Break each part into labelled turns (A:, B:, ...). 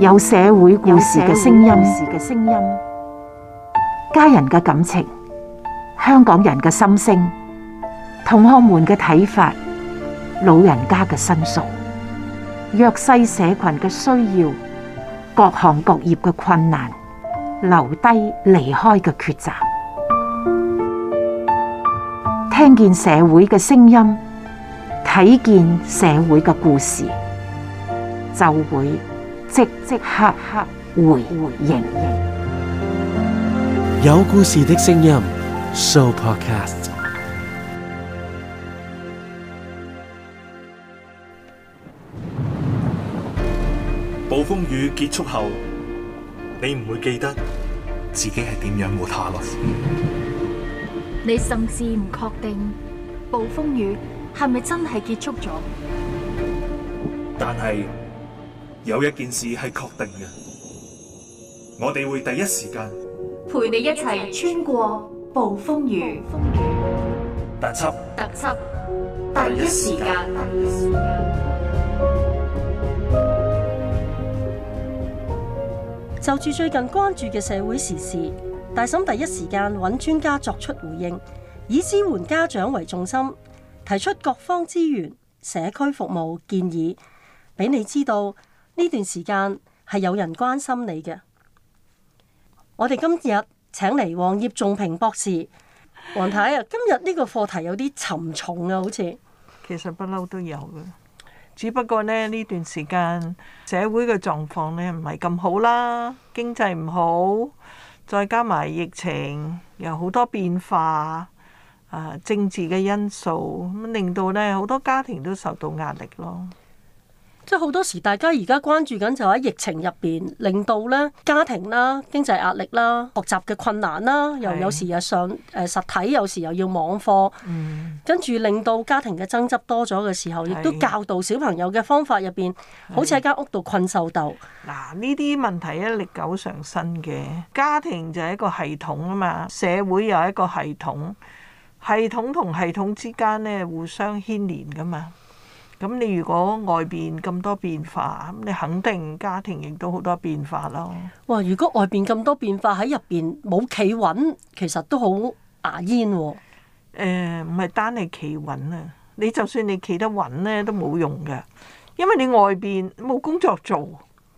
A: 有社會故事嘅聲音，家人嘅感情，香港人嘅心聲，同學們嘅睇法，老人家嘅申訴，弱勢社群嘅需要，各行各業嘅困難，留低離開嘅抉擇，聽見社會嘅聲音，睇見社會嘅故事，就會。即即刻刻，回回應，
B: 有故事的聲音，Show Podcast。
C: 暴風雨結束後，你唔會記得自己係點樣活下落。
B: 你甚至唔確定暴風雨係咪真係結束咗？但係。有一件事係確定嘅，我哋會第一時間陪你一齊穿過暴風雨。
A: 特輯，特輯，第一時間。
B: 就住最近關注嘅社會時事，大嬸第一時間搵專家作出回應，以支援家長為重心，提出各方資源、社區服務建議，俾你知道。呢段時間係有人關心你嘅。我哋今日請嚟黃葉仲平博士，黃太啊，今日呢個課題有啲沉重啊，好似其實不嬲都有嘅，只不過呢呢段時間
C: 社會嘅狀況呢，唔係咁好啦，經濟唔好，再加埋疫情有好多變化，啊政治嘅因素，咁令到呢好多家庭都受到壓力咯。
B: 即係好多時，大家而家關注緊就喺疫情入邊，令到咧家庭啦、經濟壓力啦、學習嘅困難啦，是又有時日上誒、呃、實體，有時又要網課，嗯、跟住令到家庭嘅爭執多咗嘅時候，是亦都教導小朋友嘅方法入邊，是好似喺間屋度困獸鬥。嗱，呢啲問題咧歷久常新嘅。家庭就係一
C: 個系統啊嘛，社會又係一個系統，系統同系統之間咧互相牽連噶嘛。咁你如果外邊咁多變化，咁
B: 你肯定家庭亦都好多變化咯。哇！如果外邊咁多變化喺入邊冇企穩，其實都好牙煙喎。誒，唔係、呃、單係企
C: 穩啊！你就算你企得穩咧，都冇用嘅，因為你外邊冇工作做，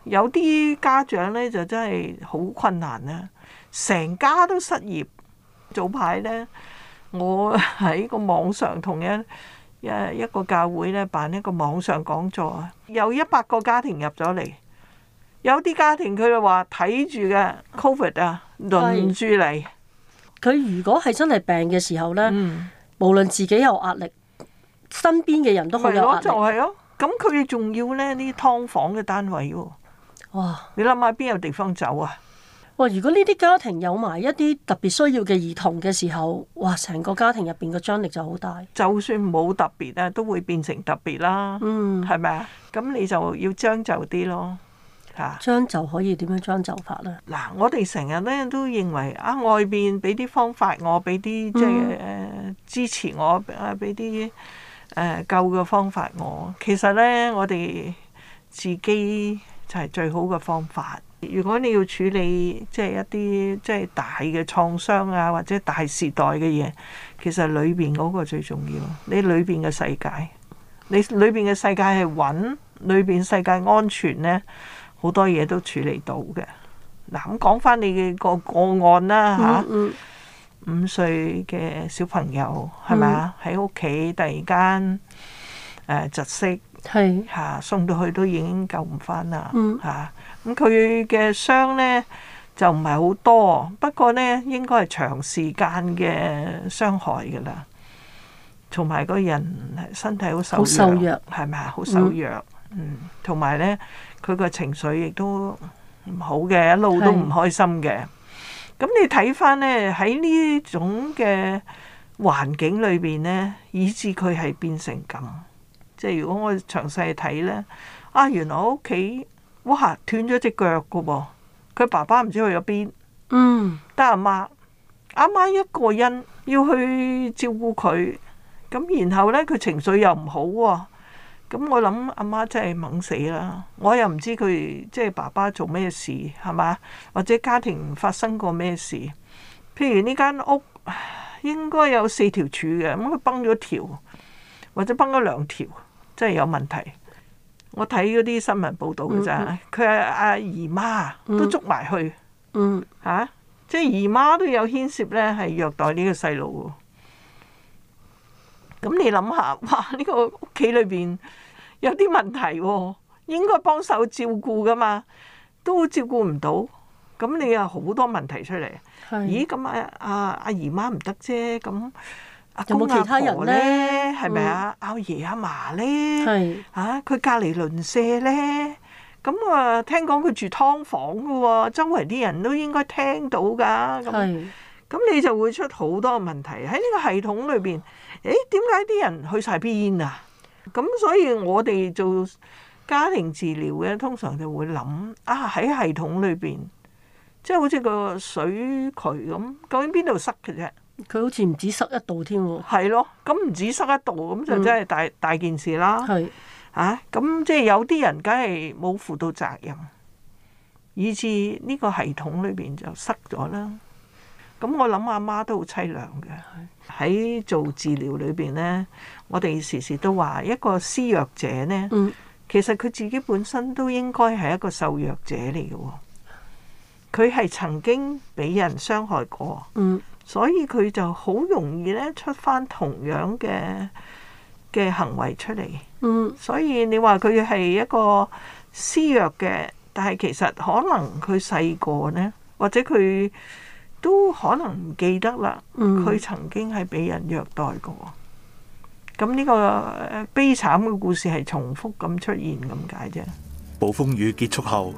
C: 有啲家長咧就真係好困難啦，成家都失業。早排咧，我喺個網上同人。一一個教會咧辦一個網上講座啊，有一百個家庭
B: 入咗嚟，有啲家庭佢就話睇住嘅，covid 啊是輪住嚟。佢如果係真係病嘅時候咧，嗯、無論自己有壓力，身邊嘅人都去咗。就係
C: 咯，啊。咁佢仲要咧啲劏房
B: 嘅單位喎，啊，哇！你諗下邊有地方走啊？如果呢啲家庭有埋一啲特別需要嘅兒童嘅時候，哇！成個家庭入邊嘅張力就好大。就
C: 算冇特別咧，都會變成特別啦。嗯，係咪啊？咁你就要將就啲咯。
B: 嚇、啊，將就可以點
C: 樣將就法咧？嗱、啊，我哋成日咧都認為啊，外邊俾啲方法我，俾啲即係誒支持我，啊俾啲誒舊嘅方法我。其實咧，我哋自己就係最好嘅方法。如果你要處理即係一啲即係大嘅創傷啊，或者大時代嘅嘢，其實裏邊嗰個最重要。你裏邊嘅世界，你裏邊嘅世界係穩，裏邊世界安全呢，好多嘢都處理到嘅。嗱，咁講翻你嘅個個案啦，吓、嗯，嗯、五歲嘅小朋友係咪啊？喺屋企突然間、呃、窒息。係吓，是送到去都已經救唔翻啦吓。咁佢嘅傷咧就唔係好多，不過咧應該係長時間嘅傷害噶啦，同埋個人身體好瘦弱係咪啊？好瘦弱，嗯，同埋咧佢個情緒亦都唔好嘅，一路都唔開心嘅。咁是你睇翻咧，喺呢種嘅環境裏邊咧，以致佢係變成咁。即係如果我詳細睇呢，啊原來我屋企哇斷咗隻腳噶噃，佢爸爸唔知去咗邊，嗯，得阿媽，阿媽一個人要去照顧佢，咁然後呢，佢情緒又唔好喎、哦，咁我諗阿媽真係懵死啦，我又唔知佢即係爸爸做咩事係嘛？或者家庭發生過咩事，譬如呢間屋應該有四條柱嘅，咁佢崩咗一條，或者崩咗兩條。真係有問題，我睇嗰啲新聞報道嘅咋。佢阿阿姨媽都捉埋去，嗯嚇、mm hmm. 啊，即係姨媽都有牽涉咧，係虐待呢個細路喎。咁你諗下，哇！呢、呢個屋企裏邊有啲問題喎、哦，應該幫手照顧噶嘛，都照顧唔到，咁你有好多問題出嚟。的咦？咁啊啊阿姨媽唔得啫，咁。
B: 阿公有冇其他人咧？
C: 係咪啊？阿爺阿嫲咧？係啊，佢隔離鄰舍咧？咁、嗯、啊，聽講佢住劏房㗎喎、哦，周圍啲人都應該聽到㗎。咁、嗯、咁是你就會出好多問題喺呢個系統裏邊。誒點解啲人去晒邊啊？咁所以我哋做家庭治療嘅，通常就會諗啊喺系統裏邊，即係好似個水渠咁，究竟邊度塞嘅啫？佢好似唔止塞一度添喎，係咯，咁唔止塞一度，咁就真係大、嗯、大件事啦。係是啊，咁即係有啲人，梗係冇負到責任，以至呢個系統裏邊就塞咗啦。咁我諗阿媽，媽都好凄涼嘅。喺是做治療裏邊呢，我哋時時都話一個施虐者呢，嗯、其實佢自己本身都應該係一個受虐者嚟嘅喎。佢係曾經俾人傷害過。嗯.所以佢就好容易咧出返同樣嘅嘅行為出嚟。嗯，所以你話佢係一個施虐嘅，但係其實可能佢細個咧，或者佢都可能唔記得啦。嗯，佢曾經係俾人虐待過。喎。咁呢個悲慘嘅故事係重複咁出現，咁解啫。暴風雨結束後，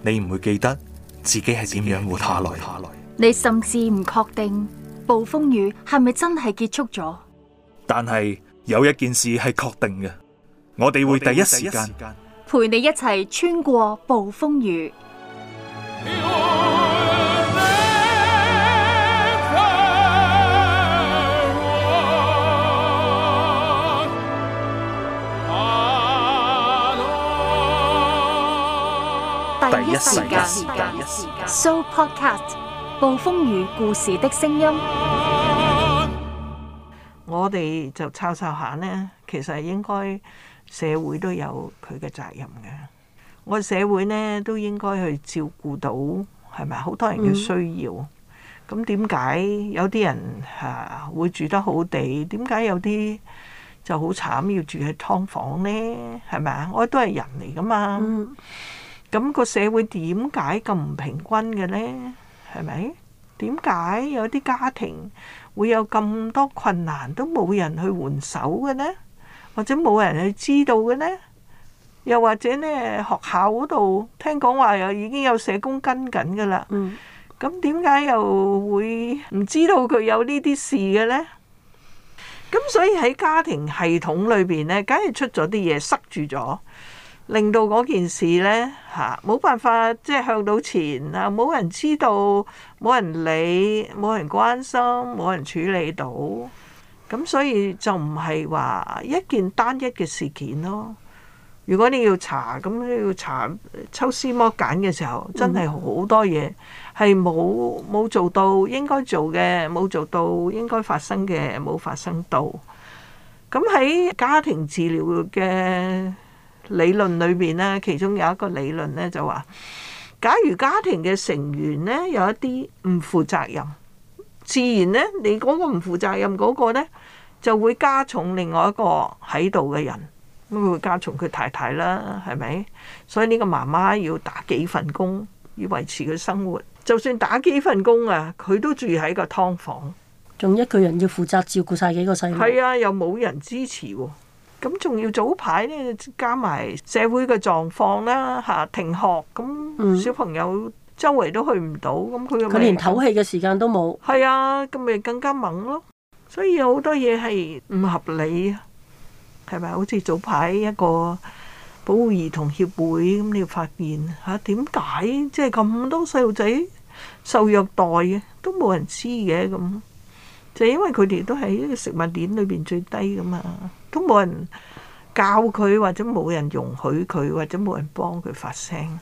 C: 你唔會記得自己係點樣活下來，來。
B: 你甚至唔確定暴風雨係咪真係結束咗？但係有一件事係確定嘅，我哋會第一時間陪你一齊穿過暴風雨。第一時
A: 間，第一時間，So Podcast。暴風雨故事的聲音，
C: 我哋就抄抄下呢，其實應該社會都有佢嘅責任嘅。我哋社會呢，都應該去照顧到係咪？好多人嘅需要咁，點解、嗯、有啲人吓、啊、會住得好地？點解有啲就好慘要住喺劏房呢？係咪啊？我哋都係人嚟噶嘛，咁、嗯、個社會點解咁唔平均嘅呢？係咪？點解有啲家庭會有咁多困難，都冇人去援手嘅呢？或者冇人去知道嘅呢？又或者呢，學校嗰度聽講話又已經有社工跟緊噶啦。嗯。咁點解又會唔知道佢有呢啲事嘅呢？咁所以喺家庭系統裏邊呢，梗係出咗啲嘢塞住咗。令到嗰件事呢，嚇冇辦法即係向到前啊！冇人知道，冇人理，冇人關心，冇人處理到。咁所以就唔係話一件單一嘅事件咯。如果你要查，咁你要查抽絲剝繭嘅時候，真係好多嘢係冇冇做到應該做嘅，冇做到應該發生嘅冇發生到。咁喺家庭治療嘅理論裏面咧，其中有一個理論咧，就話：假如家庭嘅成員咧，有一啲唔負責任，自然咧你嗰個唔負責任嗰個咧就會加重另外一個喺度嘅人，咁會加重佢太太啦，係咪？所以呢個媽媽要打幾份工，要維持佢生活。就算打幾份工
B: 啊，佢都住喺個劏房，仲一個人要負責照顧晒幾個細路，
C: 係啊，又冇人支持喎，啊。咁仲要早排呢，加埋社會嘅狀況啦嚇，停學，咁小朋友周圍都去唔到，
A: 咁佢佢連唞
C: 氣嘅時間都冇。係啊，咁咪更加猛咯。所以有好多嘢係唔合理啊，係咪啊？好似早排一個保護兒童協會咁，你要發現嚇，點解即係咁多細路仔受虐待嘅都冇人知嘅咁，就因為佢哋都喺食物鏈裏邊最低噶嘛。都冇人教佢，或者冇人容許佢，或者冇人
B: 幫佢發聲。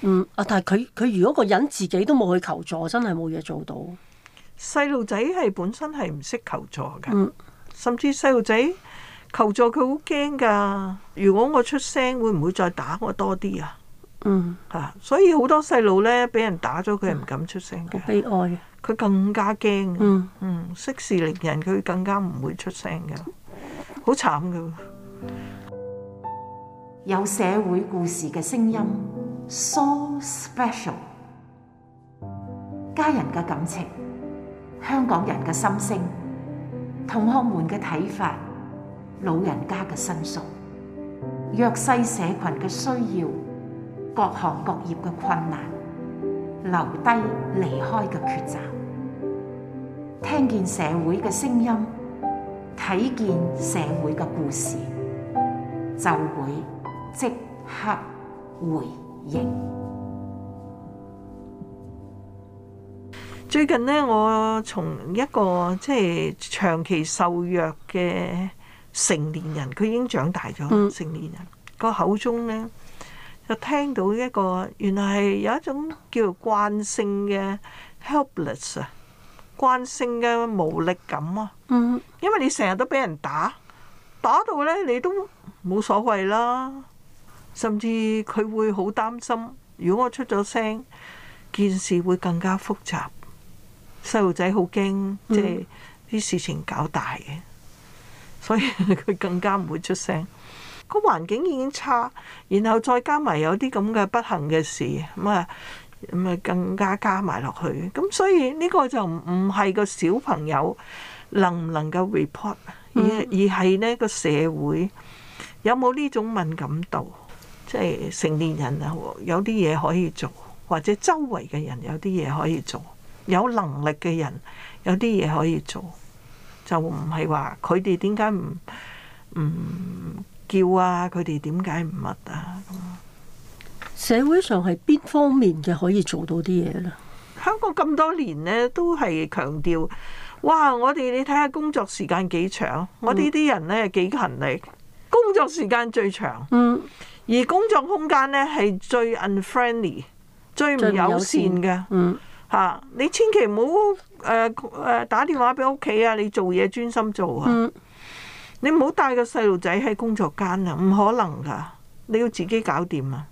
B: 嗯，啊，但係佢佢如果個人自己都冇去求助，真係冇嘢做到。細路仔係本身係唔識求助噶，嗯、
C: 甚至細路仔求助佢好驚噶。如果我出聲，會唔會再打我多啲啊？嗯，吓、啊，所以好多細路咧俾人打咗，佢係唔敢出聲。好、嗯、悲哀啊！佢更加驚。嗯嗯，息事寧人，佢更加唔會出
A: 聲噶。好慘㗎！有社會故事嘅聲音，So special。家人嘅感情，香港人嘅心聲，同學們嘅睇法，老人家嘅申訴，弱勢社群嘅需要，各行各業嘅困難，留低離開嘅抉擇，聽見社會嘅聲音。睇見社會嘅故事，就會即刻回應。
C: 最近呢，我從一個即係長期受虐嘅成年人，佢已經長大咗，mm. 成年人個口中呢，就聽到一個原來係有一種叫做慣性嘅 helpless。慣性嘅無力感啊，嗯、因為你成日都俾人打，打到咧你都冇所謂啦。甚至佢會好擔心，如果我出咗聲，件事會更加複雜。細路仔好驚，即係啲事情搞大嘅，嗯、所以佢更加唔會出聲。個環境已經差，然後再加埋有啲咁嘅不幸嘅事，咁、嗯、啊～咁咪更加加埋落去，咁所以呢個就唔唔係個小朋友能唔能夠 report，嗯，而而係呢個社會有冇呢種敏感度，即係成年人啊，有啲嘢可以做，或者周圍嘅人有啲嘢可以做，有能力嘅人有啲嘢可以做，就唔係話佢
B: 哋點解唔唔叫啊，佢哋點解唔乜啊？社會上係邊方面嘅可以做到啲嘢呢？香港
C: 咁多年呢都係強調，哇！我哋你睇下工作時間幾長，嗯、我哋呢啲人呢幾勤力，工作時間最長，嗯、而工作空間呢係最 unfriendly，最唔友善嘅，吓、嗯啊，你千祈唔好誒誒打電話俾屋企啊！你做嘢專心做啊！嗯、你唔好帶個細路仔喺工作間啊！唔可能噶，你要自己搞掂啊！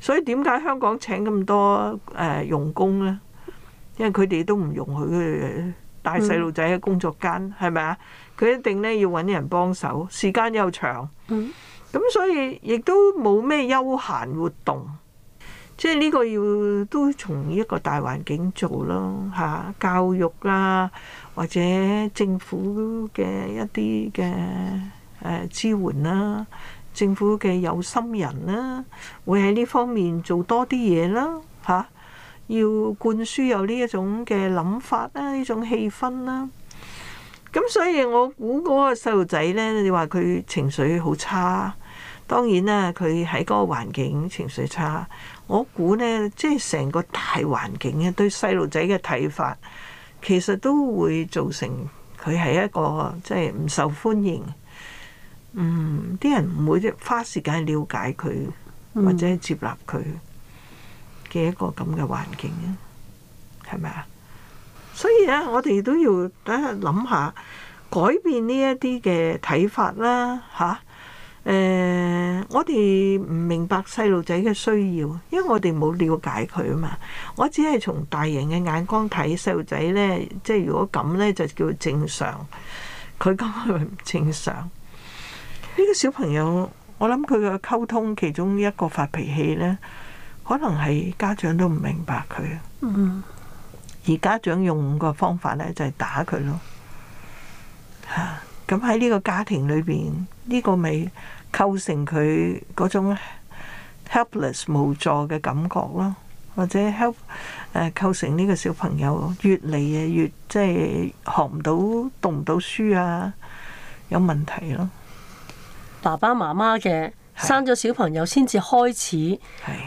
C: 所以點解香港請咁多誒、呃、用工咧？因為佢哋都唔容許佢哋帶細路仔喺工作間，係咪啊？佢一定咧要搵人幫手，時間又長。咁、嗯、所以亦都冇咩休閒活動，即係呢個要都從一個大環境做咯嚇、啊，教育啦、啊，或者政府嘅一啲嘅誒支援啦、啊。政府嘅有心人啦、啊，會喺呢方面做多啲嘢啦，吓、啊、要灌輸有呢一種嘅諗法啦、啊，呢種氣氛啦、啊。咁所以我估嗰個細路仔咧，你話佢情緒好差，當然啦，佢喺嗰個環境情緒差。我估咧，即係成個大環境啊，對細路仔嘅睇法，其實都會造成佢係一個即係唔受歡迎。嗯，啲人唔會花時間去了解佢，嗯、或者接納佢嘅一個咁嘅環境啊，係咪啊？所以咧、啊，我哋都要等下諗下，改變呢一啲嘅睇法啦，吓、啊、誒、呃，我哋唔明白細路仔嘅需要，因為我哋冇了解佢啊嘛，我只係從大人嘅眼光睇細路仔咧，即係如果咁咧就叫正常，佢咁係咪唔正常？呢個小朋友，我諗佢嘅溝通其中一個發脾氣呢，可能係家長都唔明白佢。嗯、而家長用個方法呢，就係、是、打佢咯。咁喺呢個家庭裏邊，呢、這個咪構成佢嗰種 helpless 無助嘅感覺咯，或者 help 誒、呃、構成呢個小朋友越嚟越即係、就是、學唔到讀唔到書啊，
B: 有問題咯。爸爸媽媽嘅生咗小朋友先至開始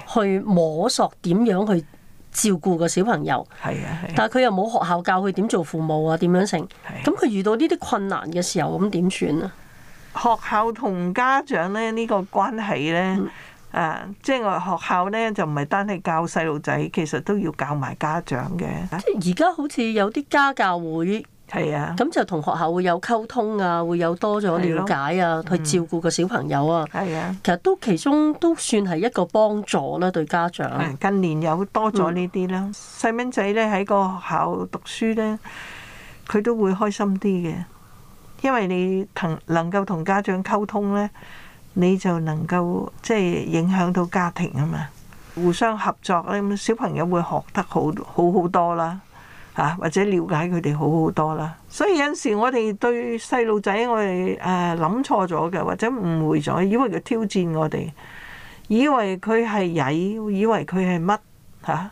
B: 去摸索點樣去照顧個小朋友。係啊，係啊，但係佢又冇學校教佢點做父母啊，點樣成？咁佢係、啊、遇到呢啲困難嘅時候，咁點算啊？學校同家長咧呢、呢個關係呢，嗯、啊，
C: 即係我學校呢，就唔係單係教細路仔，其實都要教埋家長嘅。
B: 即係而家好似有啲家教會。係啊，咁就同學校會有溝通啊，會有多咗了，了解啊，咯去照顧個小朋友啊。係啊，其實都其中都算係一個幫助啦、啊，對家長。啊、近年有多咗呢啲啦，細蚊仔咧喺
C: 個學校讀書咧，佢都會開心啲嘅，因為你能能夠同家長溝通咧，你就能夠即係、就是、影響到家庭啊嘛，互相合作咧，咁小朋友會學得好好好多啦。嚇，或者了解佢哋好好多啦，所以有陣時我哋對細路仔我哋誒諗錯咗嘅，或者誤會咗，以為佢挑戰我哋，以為佢係曳，以為佢係乜嚇？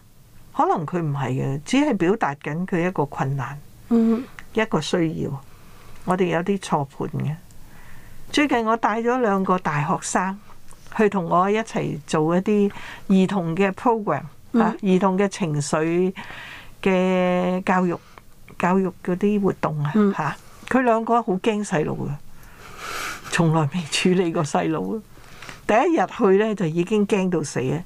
C: 可能佢唔係嘅，只係表達緊佢一個困難
B: ，mm hmm.
C: 一個需要，我哋有啲錯判嘅。最近我帶咗兩個大學生去同我一齊做一啲兒童嘅 program 嚇、啊，兒童嘅情緒。嘅教育教育嗰啲活動，嗯、啊，吓佢兩個好驚細路噶，從來未處理過細路。第一日去咧就已經驚到死啊！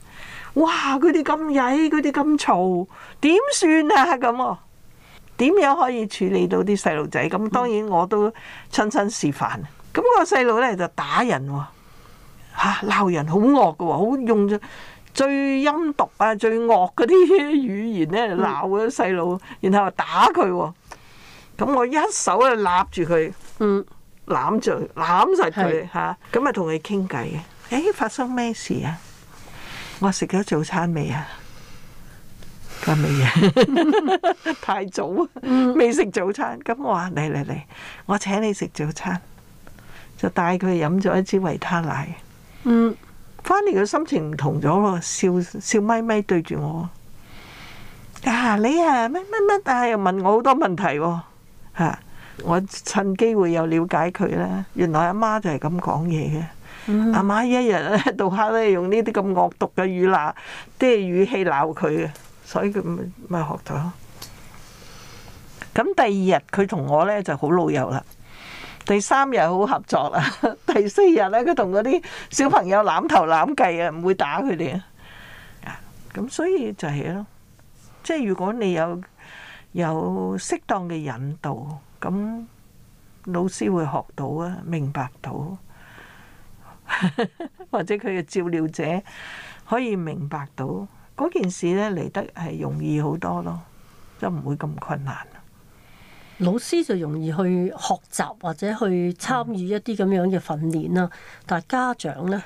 C: 哇，佢哋咁曳，佢哋咁嘈，點算啊？咁啊，點樣可以處理到啲細路仔？咁當然我都親身示範。咁、個細路咧就打人，吓、啊、鬧人，好惡噶，好用咗。最陰毒啊，最惡嗰啲語言咧鬧嗰細路，然後打佢喎、啊。咁我一手啊攬住佢，攬住攬實佢吓，咁啊同佢傾偈嘅。誒發生咩事啊？我食咗早餐未啊？未啊， 太早，未食早餐。咁、嗯、我話嚟嚟嚟，我請你食早餐，就帶佢飲咗一支維他奶。嗯。翻嚟嘅心情唔同咗咯，笑笑咪咪對住我。啊，你啊乜乜乜？但係又問我好多問題喎、啊啊。我趁機會又了解佢啦。原來阿媽就係咁講嘢嘅。阿媽、嗯、一日咧到黑咧用呢啲咁惡毒嘅語鬧，啲係語氣鬧佢嘅，所以佢咪咪學咗。咁第二日佢同我咧就好老友啦。第三日好合作啦，第四日咧佢同嗰啲小朋友攬頭攬計啊，唔會打佢哋啊。咁所以就係咯，即係如果你有有適當嘅引導，咁老師會學到啊，明白到，或者佢嘅照料者可以明白到，嗰件事咧嚟得係容易好多咯，
B: 就唔會咁困難。老師就容易去學習或者去參與一啲咁樣嘅訓練啦，嗯、但係家長呢？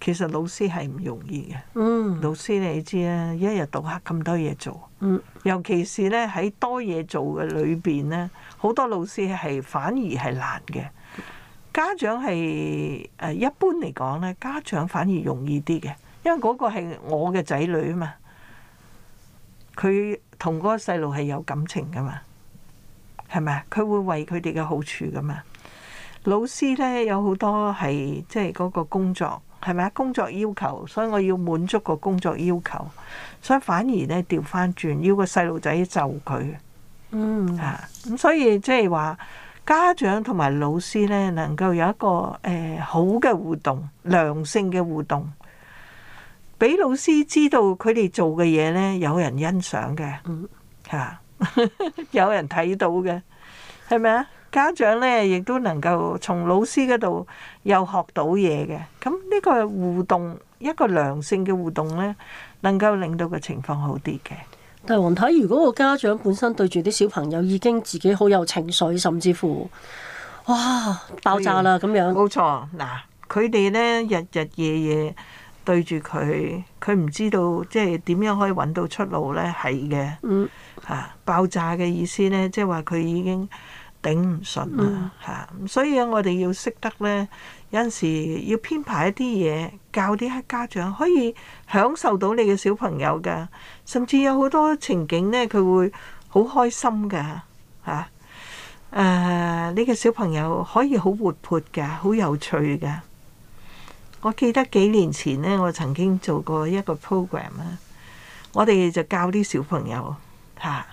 B: 其實老師係唔容易嘅。嗯，老師你知啦，一日到黑咁多嘢做。嗯、尤其是
C: 呢，喺多嘢做嘅裏邊呢，好多老師係反而係難嘅。家長係誒一般嚟講呢，家長反而容易啲嘅，因為嗰個係我嘅仔女啊嘛，佢同嗰個細路係有感情噶嘛。係咪啊？佢會為佢哋嘅好處噶嘛？老師咧有好多係即係嗰個工作，係咪啊？工作要求，所以我要滿足個工作要求，所以反而咧調翻轉要個細路仔就佢。嗯，吓咁，所以即係話家長同埋老師咧，能夠有一個誒、呃、好嘅互動，良性嘅互動，俾老師知道佢哋做嘅嘢咧有人欣賞嘅。嗯，吓。有人睇到嘅，係咪啊？家長呢亦都能夠從老師嗰度又學到嘢嘅。咁呢個互動，一個良
B: 性嘅互動呢，能夠令
C: 到個情況好啲嘅。
B: 但係黃太，如果個家長本身對住啲小朋友已經自己好有情緒，甚至乎哇爆炸啦咁樣，冇
C: 錯。嗱，佢哋呢日日夜夜。對住佢，佢唔知道即係點樣可以揾到出路呢？係嘅。吓、嗯啊、爆炸嘅意思呢，即係話佢已經頂唔順啦，吓、嗯啊。所以我哋要識得呢，有陣時要編排一啲嘢，教啲家長可以享受到你嘅小朋友噶，甚至有好多情景呢，佢會好開心噶，吓、啊。誒、啊，你嘅小朋友可以好活潑噶，好有趣噶。我記得幾年前呢，我曾經做過一個 program 啦。我哋就教啲小朋友嚇、啊，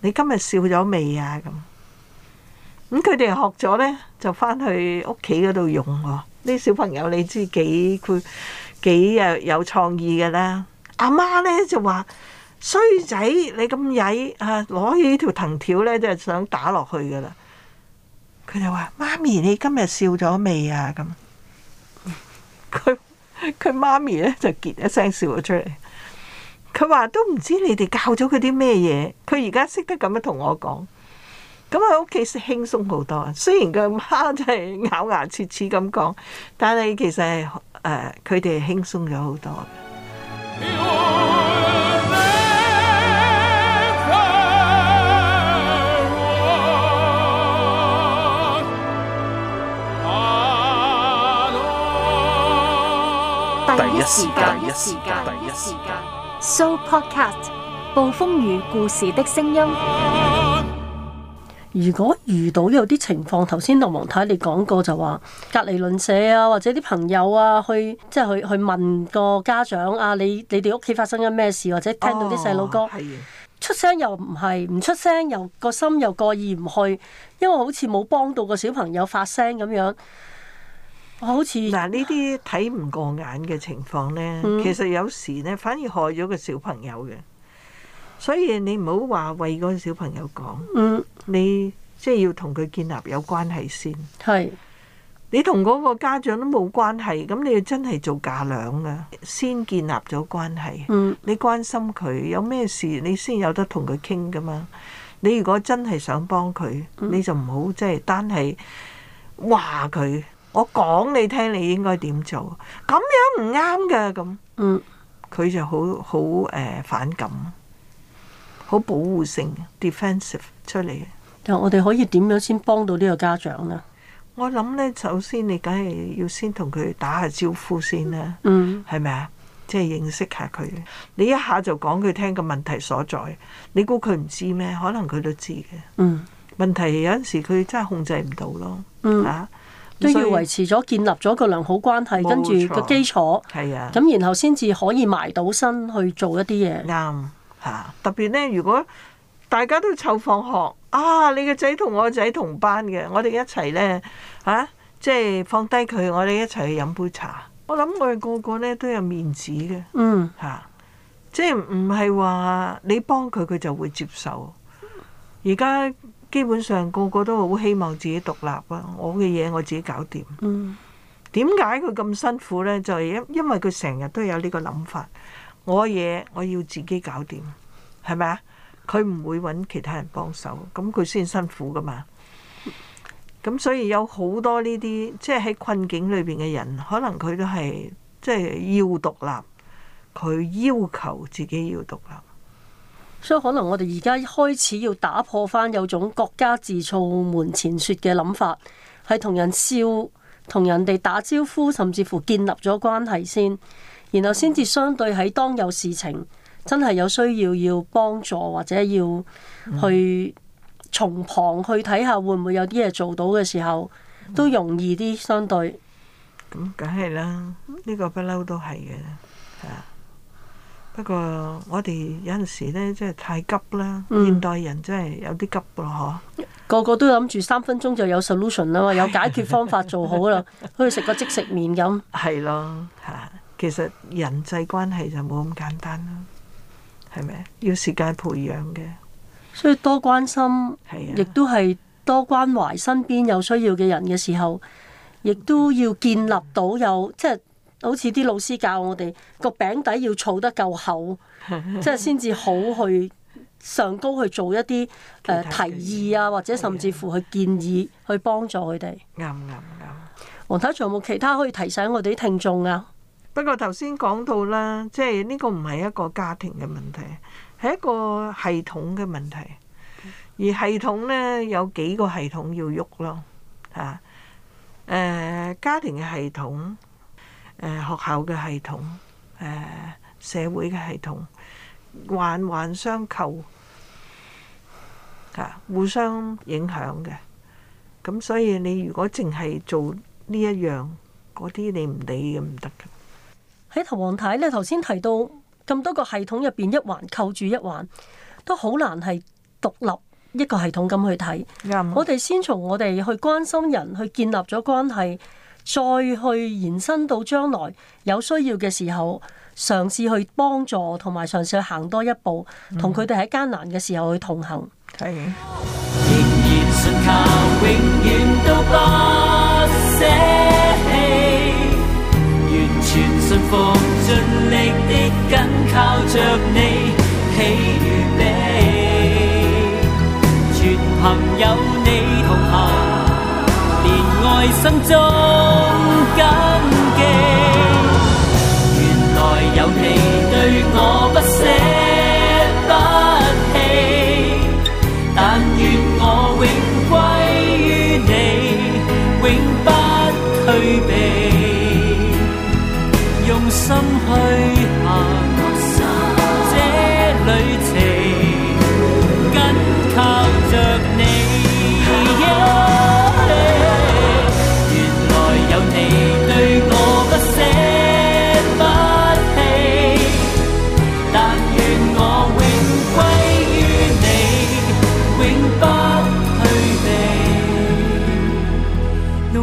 C: 你今日笑咗未啊？咁咁佢哋學咗呢，就翻去屋企嗰度用喎、哦。啲小朋友你知幾幾有創意嘅啦。阿媽，媽呢，就話：衰仔，你咁曳啊！攞起條藤條呢，就係、想打落去噶啦。佢就話：媽咪，你今日笑咗未啊？咁。佢佢媽咪咧就結一聲笑咗出嚟，佢話都唔知你哋教咗佢啲咩嘢，佢而家識得咁樣同我講，咁喺屋企識輕鬆好多啊！雖然佢媽就係咬牙切齒咁講，但係其實係誒佢哋輕鬆咗好多嘅。
A: 第一時間，第一時間，第一時間。時 so Podcast《暴風雨故事的聲音》。
B: 如果遇到有啲情況，頭先同王太你講過就話，隔離鄰舍啊，或者啲朋友啊，去即係去去問個家長啊，你你哋屋企發生咗咩事，或者聽到啲細路哥出聲又唔係，唔出聲又個心又過意唔去，因為好似冇幫到個小朋友發聲咁樣。好似嗱，呢啲睇唔過眼嘅情況咧，嗯、
C: 其實有時咧反而害咗個小朋友嘅。所以你唔好話為嗰個小朋友講，嗯、你即係要同佢建立有關係先。係是你同嗰個家長都冇關係，咁你真係做嫁兩噶，先建立咗關係。嗯，你關心佢有咩事，你先有得同佢傾噶嘛。你如果真係想幫佢，你就唔好即係單係話佢。我講你聽，你應該點做？咁樣唔啱嘅咁，嗯，佢就好好誒，反感，好保護性
B: ，defensive 出嚟。但我哋可以點樣先幫到呢個家長呢？我諗呢，
C: 首先你梗係要先同佢打下招呼先啦，嗯，係咪啊？即係認識下佢。你一下就講佢聽個問題所在，你估佢唔知咩？可能佢都知嘅。嗯，問題有陣時佢真係控制唔到咯，啊、嗯。都要維持
B: 咗建立咗個良好關係，冇錯，跟住個基礎，係啊，咁然後先至可以埋到身去做一啲嘢。啱嚇、啊，特別咧，如果
C: 大家都湊放學啊，你個仔同我個仔同班嘅，我哋一齊咧嚇，即係放低佢，我哋一齊去飲杯茶。我諗我哋個個咧都有面子嘅，嗯嚇、啊，即係唔係話你幫佢佢就會接受？而家。基本上個個都好希望自己獨立啊。我嘅嘢，我自己搞掂。點解佢咁辛苦呢？就係因因為佢成日都有呢個諗法，我嘢，我要自己搞掂，係咪啊？佢唔會搵其他人幫手，咁佢先辛苦噶嘛。咁所以有好多呢啲，即係喺困境裏邊嘅人，可能佢都係即係要獨立，
B: 佢要求自己要獨立。所以可能我哋而家開始要打破翻有種國家自掃門前雪嘅諗法，係同人笑，同人哋打招呼，甚至乎建立咗關係先，然後先至相對喺當有事情真係有需要要幫助或者要去從旁去睇下會唔會有啲嘢做到嘅時候都容易啲相對。咁梗係啦，呢、嗯嗯嗯嗯嗯嗯呢個不嬲都係嘅，係啊。
C: 不過我哋有陣時咧，真係太急啦。嗯、現代
B: 人真係有啲急咯，嗬。個個都諗住三分鐘就有 solution 啦，的有解決方法做好啦，好似食個即食麵咁。係咯，吓，其實人際關係就冇咁簡單
C: 咯，係咪？要時間培
B: 養嘅，所以多關心，的亦都係多關懷身邊有需要嘅人嘅時候，亦都要建立到有即係。嗯嗯好似啲老師教我哋個餅底要儲得夠厚，即係先至好去上高去做一啲誒提議啊，或者甚至乎去建議去幫助佢哋。啱啱啱，黃太仲有冇其他可以提醒我哋啲聽眾啊？不過頭先講到
C: 啦，即係呢個唔係一個家庭嘅問題，係一個系統嘅問題。而系統咧，有幾個系統要喐咯，嚇，誒家庭嘅系統。誒學校嘅系統，誒社會嘅系統，環環相扣，嚇互相影響嘅。咁所以你如果淨係做呢
B: 一樣，嗰啲你唔理嘅唔得嘅。喺頭王太，你頭先提到咁多個系統入邊，一環扣住一環，都好難係獨立一個系統咁去睇。啱？我哋先從我哋去關心人，去建立咗關係，再去延伸到將來有需要嘅時候，嘗試去幫助同埋嘗試去行多一步，同佢哋喺艱難嘅時候去同行。係。仍然信靠，永遠都不捨棄。